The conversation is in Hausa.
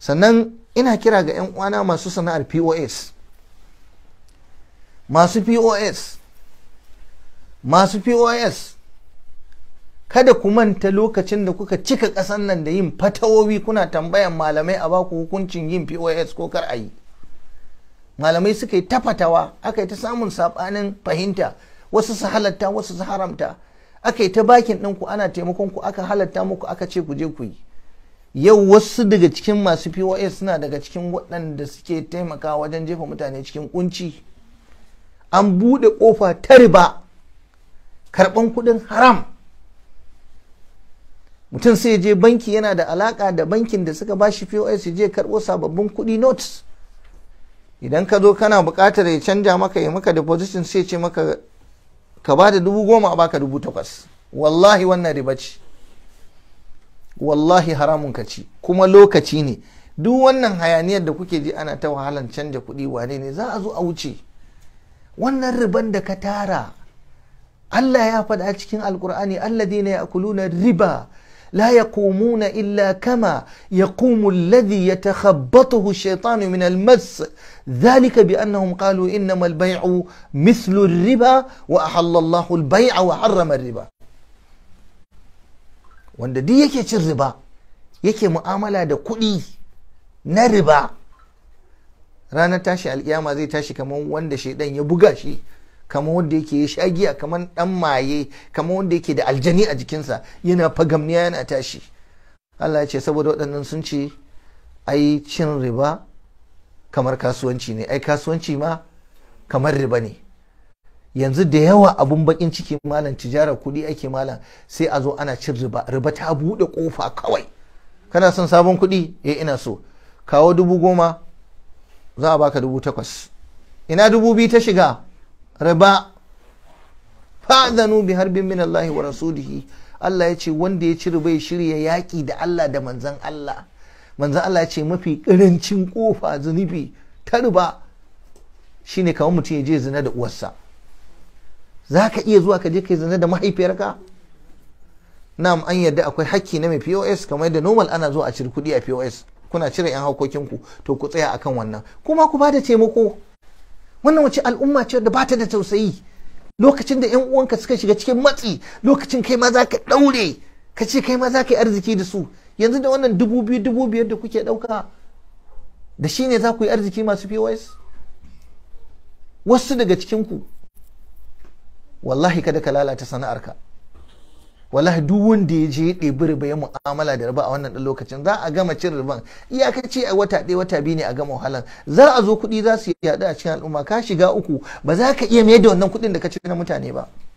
sannan ina kira ga 'yan uwana masu sana'ar pos masu pos masu pos kada ku manta lokacin da kuka cika ƙasan nan da yin fatawowi kuna tambayan malamai a baku hukuncin yin pos ko kar a yi malamai suka yi tafatawa aka yi ta samun saɓanin fahimta wasu su halatta wasu su haramta aka yi ta bakin ɗinku ana taimakon ku aka halatta muku aka ce ku je ku yi yau wasu daga cikin masu pos suna daga cikin waɗanda suke taimaka wajen jefa mutane cikin kunci an buɗe ƙofa ta riba karɓan kuɗin haram mutum sai je banki yana da alaƙa da bankin da suka bashi pos ya je karɓo sababbin kuɗi notes idan ka zo kana buƙatar ya canja maka ya maka deposition sai ce maka ka ba da dubu goma a baka dubu takwas wallahi wannan riba ce wallahi haramun ka ci kuma lokaci ne duk wannan hayaniyar da kuke ji ana ta wahalan canja kudi wane ne za a zo a wuce wannan riban da ka tara Allah ya faɗa cikin alkur'ani alladhina ya'kuluna riba la yaqumuna illa kama yaqumu alladhi yatakhabbathu ash-shaytanu min al-mass dhalika bi annahum qalu innamal bay'u mithlu ar-riba wa ahalla Allahu al-bay'a wa harrama ar-riba wanda duk yake cin riba yake mu'amala da kuɗi na riba ranar tashi alkiyama zai tashi kamar wanda shaidan ya buga shi kamar wanda yake ya shagiya kamar ɗan maye kamar wanda yake da aljani a jikinsa yana fagamniya yana tashi Allah ya ce saboda waɗannan sun ce ai cin riba kamar kasuwanci ne ai kasuwanci ma kamar riba ne yanzu da yawa abun bakin ciki malam tijarar kuɗi ake malam sai a zo ana cin riba riba ta buɗe ƙofa kawai kana son sabon kuɗi eh ina so kawo dubu goma za a baka dubu takwas ina dubu biyu ta shiga riba fa'adhanu bi harbin min Allah wa rasulihi Allah ya ce wanda ya ci riba ya shirya yaƙi da Allah da manzan Allah manzan Allah ya ce mafi ƙarancin ƙofa zunubi ta riba shine kamar mutum ya je zina da uwarsa za ka iya zuwa ka je ka zina da mahaifiyarka na'am an yadda akwai hakki na mai pos kamar yadda normal ana zuwa a ciri kuɗi a pos kuna cire yan haƙoƙinku to ku tsaya akan wannan kuma ku ba da taimako wannan wace al'umma ce da bata da tausayi lokacin da yan uwanka suka shiga cikin matsi lokacin kai ma za ka ɗaure ka ce kai ma za ka yi arziki da su yanzu da wannan dubu biyu dubu biyar da kuke ɗauka da shi ne za ku yi arziki masu pos wasu daga cikinku wallahi kada ka lalata sana'arka wallahi duk wanda ya je ɗebi riba ya mu'amala da riba a wannan ɗan lokacin za a gama cin riban iyakaci a wata ɗaya wata biyu ne a gama wahalan za a zo kuɗi za su yaɗu a cikin al'umma ka shiga uku ba za ka iya mayar da wannan kuɗin da ka ci na mutane ba